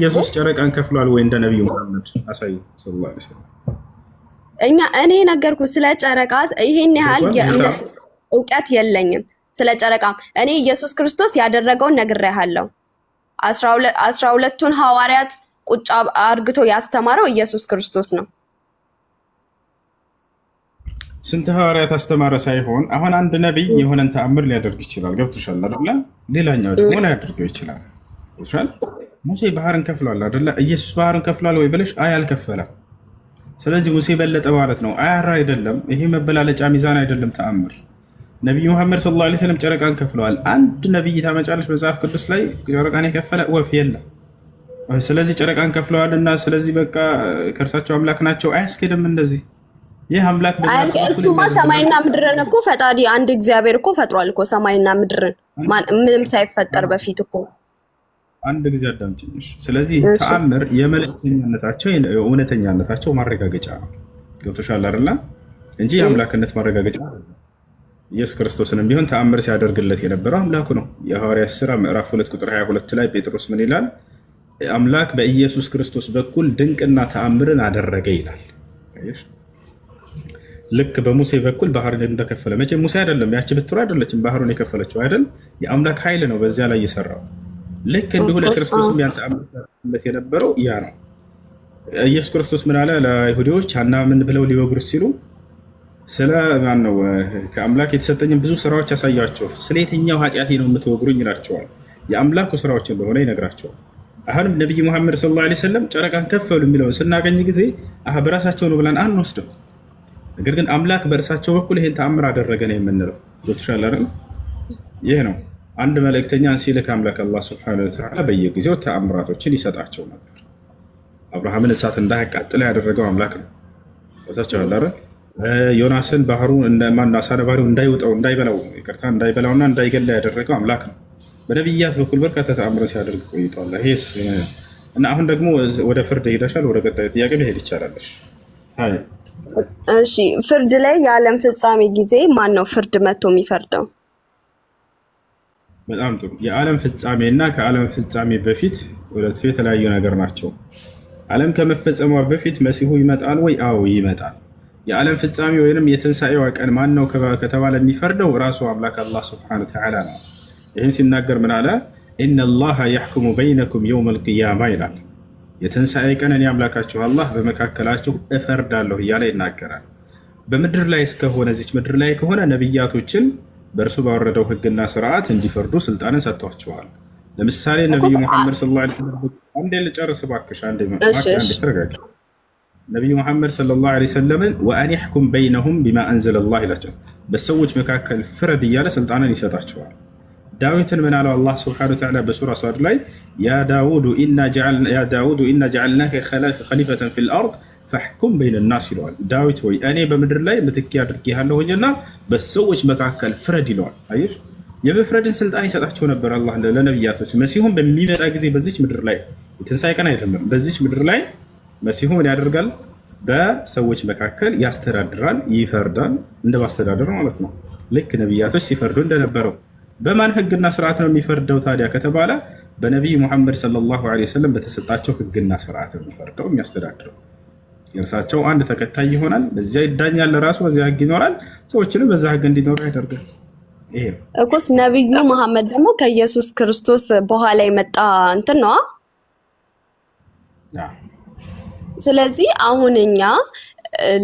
ኢየሱስ ጨረቃን ከፍሏል ወይ? እንደ ነቢዩ መሐመድ አሳዩ። ዐለይሂ እኛ እኔ ነገርኩ ስለ ጨረቃ ይሄን ያህል የእምነት እውቀት የለኝም። ስለ ጨረቃ እኔ ኢየሱስ ክርስቶስ ያደረገውን ነግሬሃለሁ። አስራ ሁለቱን ሐዋርያት ቁጭ አርግቶ ያስተማረው ኢየሱስ ክርስቶስ ነው። ስንት ሐዋርያት አስተማረ ሳይሆን አሁን አንድ ነቢይ የሆነን ተአምር ሊያደርግ ይችላል። ገብቶሻል አይደለ? ሌላኛው ደግሞ ላያደርገው ይችላል። ሙሴ ባህርን ከፍሏል አደለ? ኢየሱስ ባህርን ከፍሏል ወይ ብለሽ አይ አልከፈለም። ስለዚህ ሙሴ በለጠ ማለት ነው። አያራ አይደለም። ይሄ መበላለጫ ሚዛን አይደለም። ተአምር ነቢዩ መሐመድ ሰለላሁ ዓለይሂ ወሰለም ጨረቃን ከፍለዋል። አንድ ነቢይ ታመጫለች መጽሐፍ ቅዱስ ላይ ጨረቃን የከፈለ ወፍ የለም። ስለዚህ ጨረቃን ከፍለዋል እና ስለዚህ በቃ ከእርሳቸው አምላክ ናቸው አያስኬድም። እንደዚህ ይህ አምላክ እሱማ ሰማይና ምድርን እኮ ፈጣሪ አንድ እግዚአብሔር እኮ ፈጥሯል እኮ ሰማይና ምድርን ምንም ሳይፈጠር በፊት እኮ አንድ ጊዜ አዳምጪኝ። ስለዚህ ተአምር የመለክተኛነታቸው የእውነተኛነታቸው ማረጋገጫ ነው። ገብቶሻል አይደል? እንጂ የአምላክነት ማረጋገጫ ኢየሱስ ክርስቶስንም ቢሆን ተአምር ሲያደርግለት የነበረው አምላኩ ነው። የሐዋርያት ሥራ ምዕራፍ 2 ቁጥር 22 ላይ ጴጥሮስ ምን ይላል? አምላክ በኢየሱስ ክርስቶስ በኩል ድንቅና ተአምርን አደረገ ይላል። ልክ በሙሴ በኩል ባህርን እንደከፈለ መቼ ሙሴ አይደለም ያቺ ብትሮ አይደለችም ባህሩን የከፈለችው አይደል? የአምላክ ኃይል ነው በዚያ ላይ የሰራው ልክ እንዲሁ ለክርስቶስ የሚያንተአምርለት የነበረው ያ ነው። ኢየሱስ ክርስቶስ ምን አለ? ለይሁዲዎች አናምን ብለው ሊወግሩ ሲሉ ስለ ማን ነው ከአምላክ የተሰጠኝን ብዙ ስራዎች ያሳያቸው ስለ የትኛው ኃጢአቴ ነው የምትወግሩኝ? ይላቸዋል። የአምላኩ ስራዎች እንደሆነ ይነግራቸዋል። አሁንም ነቢይ መሐመድ ስለ ላ ወሰለም ጨረቃን ከፈሉ የሚለውን ስናገኝ ጊዜ በራሳቸው ነው ብለን አንወስደው። ነገር ግን አምላክ በእርሳቸው በኩል ይህን ተአምር አደረገ ነው የምንለው። ይህ ነው አንድ መልእክተኛን ሲልክ አምላክ አላህ ሱብሓነሁ ወተዓላ በየጊዜው ተአምራቶችን ይሰጣቸው ነበር። አብርሃምን እሳት እንዳያቃጥለ ያደረገው አምላክ ነው። ቦታቸው አረ ዮናስን ባህሩ ማና አሳ እንዳይውጠው እንዳይበላው፣ ይቅርታ እንዳይበላውና እንዳይገላ ያደረገው አምላክ ነው። በነቢያት በኩል በርካታ ተአምረ ሲያደርግ ቆይቷል። ይሄስ እና አሁን ደግሞ ወደ ፍርድ ሄደሻል። ወደ ቀጣዩ ጥያቄ መሄድ ይቻላለሽ። እሺ፣ ፍርድ ላይ የዓለም ፍጻሜ ጊዜ ማን ነው ፍርድ መጥቶ የሚፈርደው? በጣም ጥሩ። የዓለም ፍጻሜ እና ከዓለም ፍጻሜ በፊት ሁለቱ የተለያዩ ነገር ናቸው። ዓለም ከመፈጸሟ በፊት መሲሁ ይመጣል ወይ? አዎ ይመጣል። የዓለም ፍጻሜ ወይንም የትንሣኤዋ ቀን ማን ነው ከተባለ የሚፈርደው ራሱ አምላክ አላህ ሱብሓነሁ ወተዓላ ነው። ይህን ሲናገር ምን አለ? ኢነላሃ ያሕኩሙ በይነኩም የውም ልቅያማ ይላል። የትንሣኤ ቀን እኔ አምላካችሁ አላህ በመካከላችሁ እፈርዳለሁ እያለ ይናገራል። በምድር ላይ እስከሆነ እዚች ምድር ላይ ከሆነ ነቢያቶችን በእርሱ ባወረደው ህግና ስርዓት እንዲፈርዱ ስልጣንን ሰጥቷቸዋል። ለምሳሌ ነቢዩ መሐመድ ሰለላሁ ዐለይሂ ወሰለም አንዴ ልጨርስ እባክሽ፣ አንዴ ተረጋጊ። ነቢዩ መሐመድ ሰለላሁ ዐለይሂ ወሰለምን ወአን ያሕኩም በይነሁም ቢማ አንዘለላህ ይላቸው፣ በሰዎች መካከል ፍረድ እያለ ስልጣንን ይሰጣቸዋል። ዳዊትን ምን አለው አላህ ስብሐነ ወተዓላ በሱራ ሳድ ላይ ያ ዳውድ ኢና ጀዐልናከ ኸሊፈተን ፊል አርድ ፈሕኩም በይነ ናስ ይለዋል። ዳዊት ሆይ እኔ በምድር ላይ ምትኪ አድርጌሃለሁኝና በሰዎች መካከል ፍረድ ይለዋል። አየሽ የመፍረድን ስልጣን ይሰጣቸው ነበር አላህ ለነቢያቶች። መሲሁም በሚመጣ ጊዜ በዚች ምድር ላይ የትንሣኤ ቀን አይደለም፣ በዚች ምድር ላይ መሲሁ ምን ያደርጋል? በሰዎች መካከል ያስተዳድራል፣ ይፈርዳል። እንደ ማስተዳደር ማለት ነው። ልክ ነቢያቶች ሲፈርዱ እንደነበረው በማን ህግና ስርዓት ነው የሚፈርደው ታዲያ ከተባለ በነቢዩ ሙሐመድ ሰለላሁ ዓለይሂ ወሰለም በተሰጣቸው ህግና ስርዓት ነው የሚፈርደው የሚያስተዳድረው የእርሳቸው አንድ ተከታይ ይሆናል። በዚያ ይዳኛል፣ ራሱ በዚያ ህግ ይኖራል። ሰዎችንም በዛ ህግ እንዲኖሩ ያደርጋል። ይሄ እኮስ ነቢዩ መሐመድ ደግሞ ከኢየሱስ ክርስቶስ በኋላ የመጣ እንትን ነዋ። ስለዚህ አሁን እኛ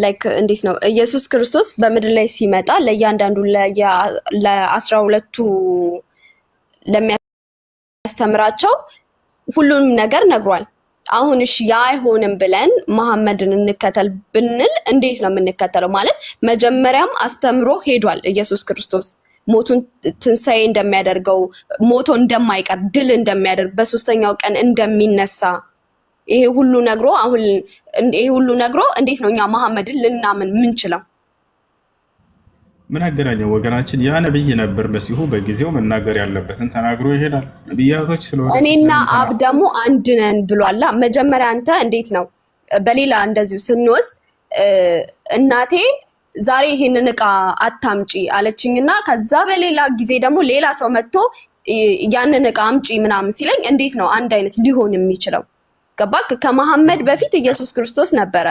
ላይክ እንዴት ነው ኢየሱስ ክርስቶስ በምድር ላይ ሲመጣ ለእያንዳንዱ ለአስራ ሁለቱ ለሚያስተምራቸው ሁሉንም ነገር ነግሯል። አሁንሽ ያ አይሆንም ብለን መሐመድን እንከተል ብንል እንዴት ነው የምንከተለው? ማለት መጀመሪያም አስተምሮ ሄዷል ኢየሱስ ክርስቶስ ሞቱን ትንሳኤ እንደሚያደርገው ሞቶ እንደማይቀር ድል እንደሚያደርግ በሶስተኛው ቀን እንደሚነሳ ይሄ ሁሉ ነግሮ አሁን ይሄ ሁሉ ነግሮ እንዴት ነው እኛ መሐመድን ልናምን ምንችለው? ምን አገናኘው? ወገናችን ያ ነብይ ነበር። መሲሁ በጊዜው መናገር ያለበትን ተናግሮ ይሄዳል። ነብያቶች ስለሆነ እኔና አብ ደግሞ አንድ ነን ብሏላ። መጀመሪያ አንተ እንዴት ነው በሌላ እንደዚሁ ስንወስድ እናቴ ዛሬ ይሄንን እቃ አታምጪ አለችኝና ከዛ በሌላ ጊዜ ደግሞ ሌላ ሰው መጥቶ ያንን እቃ አምጪ ምናምን ሲለኝ እንዴት ነው አንድ አይነት ሊሆን የሚችለው? ገባክ? ከመሐመድ በፊት ኢየሱስ ክርስቶስ ነበረ።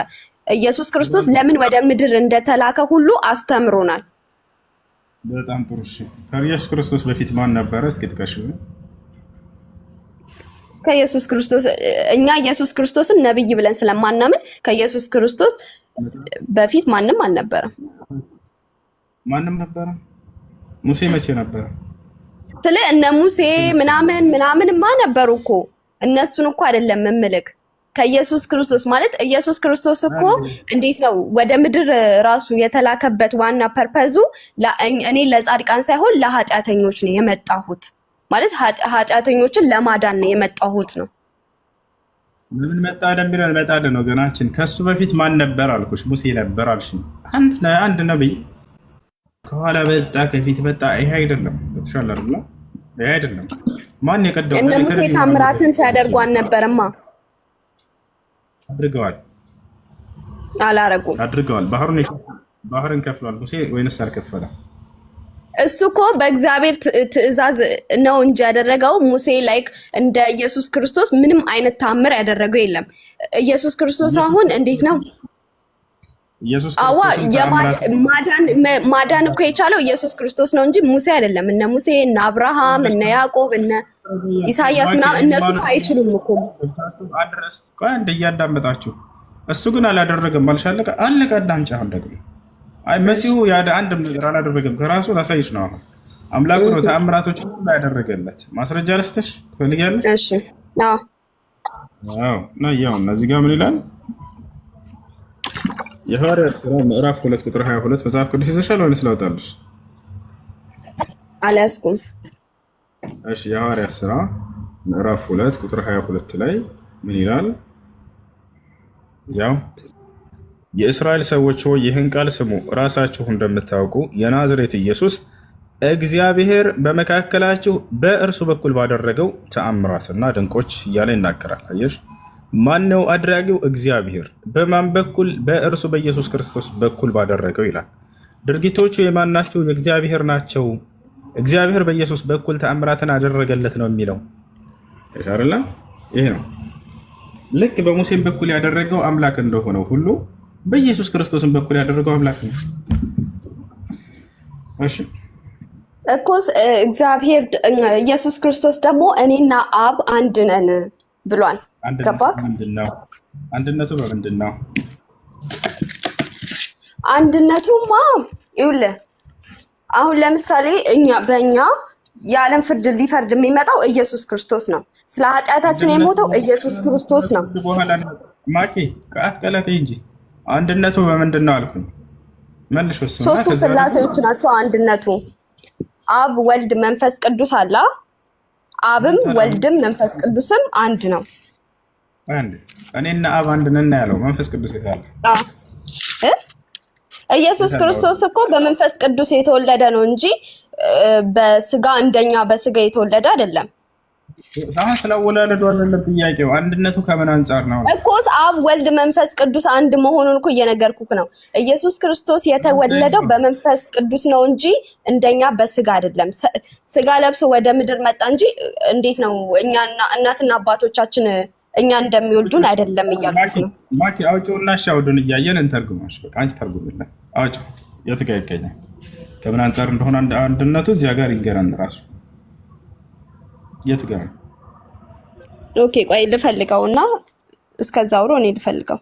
ኢየሱስ ክርስቶስ ለምን ወደ ምድር እንደተላከ ሁሉ አስተምሮናል። በጣም ጥሩ። እሺ ከኢየሱስ ክርስቶስ በፊት ማን ነበረ? እስኪ ጥቀሽ። ከኢየሱስ ክርስቶስ እኛ ኢየሱስ ክርስቶስን ነብይ ብለን ስለማናምን ከኢየሱስ ክርስቶስ በፊት ማንም አልነበረም። ማንም ነበረ? ሙሴ መቼ ነበረ? ስለ እነ ሙሴ ምናምን ምናምን ማ ነበሩ እኮ እነሱን እኮ አይደለም ምምልክ ከኢየሱስ ክርስቶስ ማለት ኢየሱስ ክርስቶስ እኮ እንዴት ነው ወደ ምድር ራሱ የተላከበት ዋና ፐርፐዙ እኔ ለጻድቃን ሳይሆን ለኃጢአተኞች ነው የመጣሁት ማለት ኃጢአተኞችን ለማዳን ነው የመጣሁት ነው። ምን መጣ ደሚለን መጣል ነው ገናችን። ከሱ በፊት ማን ነበር አልኩሽ? ሙሴ ነበር አልሽ። አንድ አንድ ነብይ ከኋላ መጣ ከፊት መጣ። ይሄ አይደለም ይሄ አይደለም። ማን የቀደው እነ ሙሴ ታምራትን ሲያደርጉ አልነበረማ አድርገዋል አላረጉም አድርገዋል። ባህርን ከፍሏል ሙሴ ወይንስ አልከፈለ እሱ እኮ በእግዚአብሔር ትእዛዝ ነው እንጂ ያደረገው ሙሴ ላይክ እንደ ኢየሱስ ክርስቶስ ምንም አይነት ታምር ያደረገው የለም። ኢየሱስ ክርስቶስ አሁን እንዴት ነው ማዳን እኮ የቻለው ኢየሱስ ክርስቶስ ነው እንጂ ሙሴ አይደለም። እነ ሙሴ እነ አብርሃም እነ ያዕቆብ እነ ኢሳያስ ምናምን እነሱ አይችሉም እኮ አድረስ እንደ እያዳመጣችሁ እሱ ግን አላደረገም። አልሻለቀ አለቀ። አዳምጪ። አሁን ደግሞ አይ መሲሁ አንድም ነገር አላደረገም። ከራሱ ላሳይሽ ነው። አሁን አምላኩ ነው ተአምራቶች ሁሉ ያደረገለት። ማስረጃ ልስጥሽ ትፈልጊያለሽ? እሺ። አዎ፣ አዎ። ያው እነዚህ ጋር ምን ይላል? የሐዋርያት ስራ ምዕራፍ ሁለት ቁጥር ሀያ ሁለት መጽሐፍ ቅዱስ ይዘሻል ወይንስ ላውጣልሽ? አልያዝኩም። እሺ የሐዋርያት ስራ ምዕራፍ ሁለት ቁጥር 22 ላይ ምን ይላል? ያው የእስራኤል ሰዎች ሆይ ይህን ቃል ስሙ፣ ራሳችሁ እንደምታውቁ የናዝሬት ኢየሱስ እግዚአብሔር በመካከላችሁ በእርሱ በኩል ባደረገው ተአምራትና ድንቆች እያለ ይናገራል። አየሽ፣ ማነው አድራጊው? እግዚአብሔር። በማን በኩል? በእርሱ በኢየሱስ ክርስቶስ በኩል ባደረገው ይላል። ድርጊቶቹ የማን ናቸው? የእግዚአብሔር ናቸው። እግዚአብሔር በኢየሱስ በኩል ተአምራትን አደረገለት ነው የሚለው አይደለ? ይሄ ነው ልክ በሙሴም በኩል ያደረገው አምላክ እንደሆነው ሁሉ በኢየሱስ ክርስቶስን በኩል ያደረገው አምላክ ነው። እሺ እኮ እግዚአብሔር ኢየሱስ ክርስቶስ ደግሞ እኔና አብ አንድ ነን ብሏል። ገባክ? አንድነቱ በምንድን ነው? አንድነቱማ ይውልህ አሁን ለምሳሌ እኛ በእኛ የዓለም ፍርድ ሊፈርድ የሚመጣው ኢየሱስ ክርስቶስ ነው። ስለ ኃጢአታችን የሞተው ኢየሱስ ክርስቶስ ነው። ማኬ ከአትቀላቀይ እንጂ አንድነቱ በምንድን ነው አልኩኝ። መልሽ ሶስቱ ስላሴዎች ናቸው አንድነቱ። አብ ወልድ መንፈስ ቅዱስ አለ። አብም ወልድም መንፈስ ቅዱስም አንድ ነው። እኔና አብ አንድ ነን ያለው መንፈስ ቅዱስ የታለ? ኢየሱስ ክርስቶስ እኮ በመንፈስ ቅዱስ የተወለደ ነው እንጂ በስጋ እንደኛ በስጋ የተወለደ አይደለም። አሁን ስለ አወላለዱ አይደለም ጥያቄው፣ አንድነቱ ከምን አንጻር ነው እኮ አብ፣ ወልድ፣ መንፈስ ቅዱስ አንድ መሆኑን እኮ እየነገርኩክ ነው። ኢየሱስ ክርስቶስ የተወለደው በመንፈስ ቅዱስ ነው እንጂ እንደኛ በስጋ አይደለም። ስጋ ለብሶ ወደ ምድር መጣ እንጂ እንዴት ነው እኛና እናትና አባቶቻችን እኛ እንደሚወልዱን አይደለም እያልኩ ነው። ማኪ አውጪውና እሺ፣ አውዱን እያየን እንተርጉማሽ። በቃ አንቺ ተርጉምለ አውጪው የት ጋር ይገኛል? ከምን አንጻር እንደሆነ አንድነቱ እዚያ ጋር ይንገረን ራሱ የት ጋር ኦኬ፣ ቆይ ልፈልገው እና እስከዛ አውሮ እኔ ልፈልገው